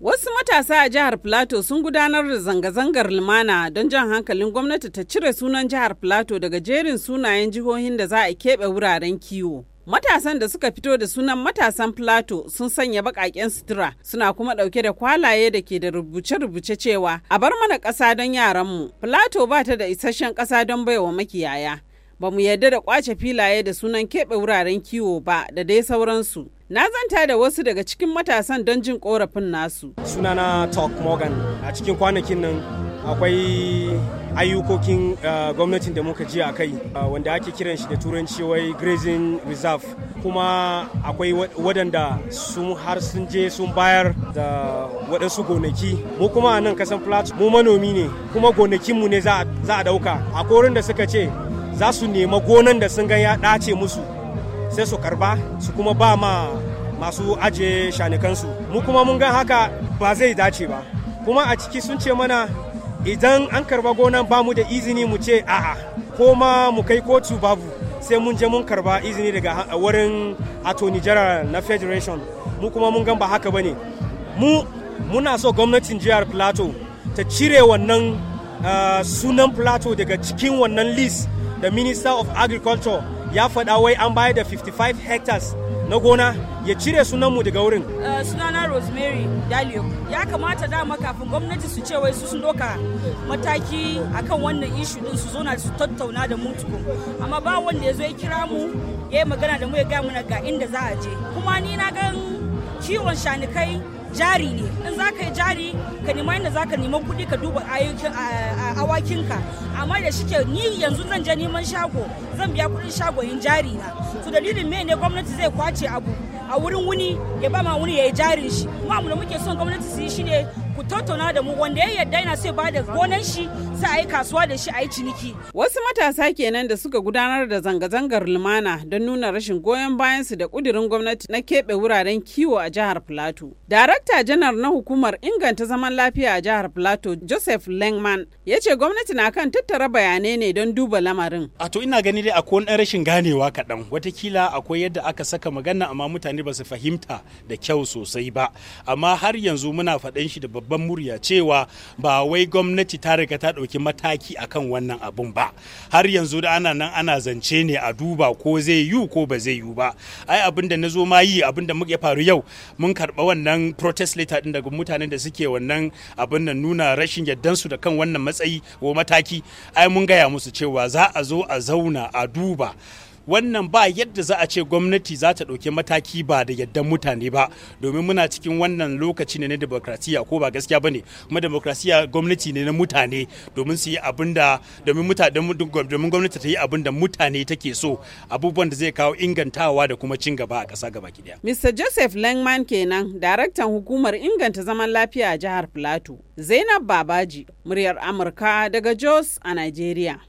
Wasu matasa a jihar Plateau sun gudanar da zanga-zangar lumana don jan hankalin gwamnati ta cire sunan jihar Plateau daga jerin sunayen jihohin da za a keɓe wuraren kiwo. Matasan da suka fito da sunan matasan Plateau sun sanya baƙaƙen sutura suna kuma ɗauke da kwalaye da ke da rubuce-rubuce cewa a bar mana ƙasa don yaranmu. Plateau ba ta da isasshen ƙasa don baiwa makiyaya. Ba mu yarda da ƙwace filaye da sunan keɓe wuraren kiwo ba da dai sauransu. Na zanta da wasu daga cikin matasan don jin korafin nasu. Sunana Talk Morgan a cikin kwanakin nan akwai ayyukokin eh, gwamnatin da muka ji a kai eh, wanda ake kiran shi da turanci wai grazing reserve kuma akwai waɗanda sun har sun je sun bayar da waɗansu gonaki mu kuma nan kasan plateau mu manomi ne kuma gonakinmu ne za a ɗauka a korin da suka ce za su nema gonan da sun ga ya ɗace musu sai su karba su kuma ba ma masu aje shanikansu mu kuma mun ga haka ba zai dace ba kuma a ciki sun ce mana idan an karba gonan ba mu da izini mu ce a'a ko ma mu kai kotu babu sai mun je mun karba izini daga wurin attorney general na federation mu kuma mun gan ba haka bane mu muna so gwamnatin jihar plato ta cire wannan ah, sunan plato daga cikin wannan list da minister of agriculture ya faɗa wai an bayar da 55 hectares na gona ya cire sunanmu daga wurin. Eh, sunana rosemary dalio ya kamata dama kafin gwamnati su ce wai su sun doka mataki akan wannan ishu din su zona su tattauna da mu amma ba wanda ya zo ya kira mu ya yi magana da mu ya gaya mana ga inda za a je kuma ni na gan kiwon shanikai jari ne in za ka yi jari ka nema inda za ka neman kuɗi ka duba awakinka amma da shike ni yanzu zan je neman shago zan biya kuɗin shagoyin jari na su dalilin me ne gwamnati zai kwace abu a wurin wuni ya ba ma wuni ya yi jarin shi kuma abu da muke son gwamnati su yi shi ne ku tattauna da mu wanda ya yarda yana sai da gonan shi sai a yi kasuwa da shi a yi ciniki. Wasu matasa kenan da suka gudanar da zanga-zangar lumana don nuna rashin goyon bayansu da kudirin gwamnati na keɓe wuraren kiwo a jihar Filato. Darakta janar na hukumar inganta zaman lafiya a jihar Plateau Joseph Lengman ya ce gwamnati na kan tattara bayanai ne don duba lamarin. A to ina gani dai akwai wani rashin ganewa kaɗan watakila akwai yadda aka saka magana amma mutane ba su fahimta da kyau sosai ba amma har yanzu muna faɗan shi da babban murya cewa ba wai gwamnati ta riga ta ɗauki mataki akan wannan abun ba har yanzu da ana nan ana zance ne a duba ko zai yi ko ba zai yi ba ai abin da na zo ma yi abin da muke faru yau mun karɓa wannan protest letter din daga mutanen da suke wannan abin nan nuna rashin su da kan wannan matsayi ko mataki ai mun gaya musu cewa za a zo a zauna a duba wannan ba yadda za a ce gwamnati za ta ɗauki mataki ba da yaddan mutane ba domin muna cikin wannan lokaci ne na demokrasiya ko ba gaskiya ba ne kuma demokrasiya gwamnati ne na mutane domin su yi abin domin gwamnati ta yi abin da mutane take so abubuwan da zai kawo ingantawa da kuma cin gaba a ƙasa gaba ki Mr. Joseph Langman kenan daraktan hukumar inganta zaman lafiya a jihar Plateau. Zainab Babaji, muryar Amurka daga Jos a Nigeria.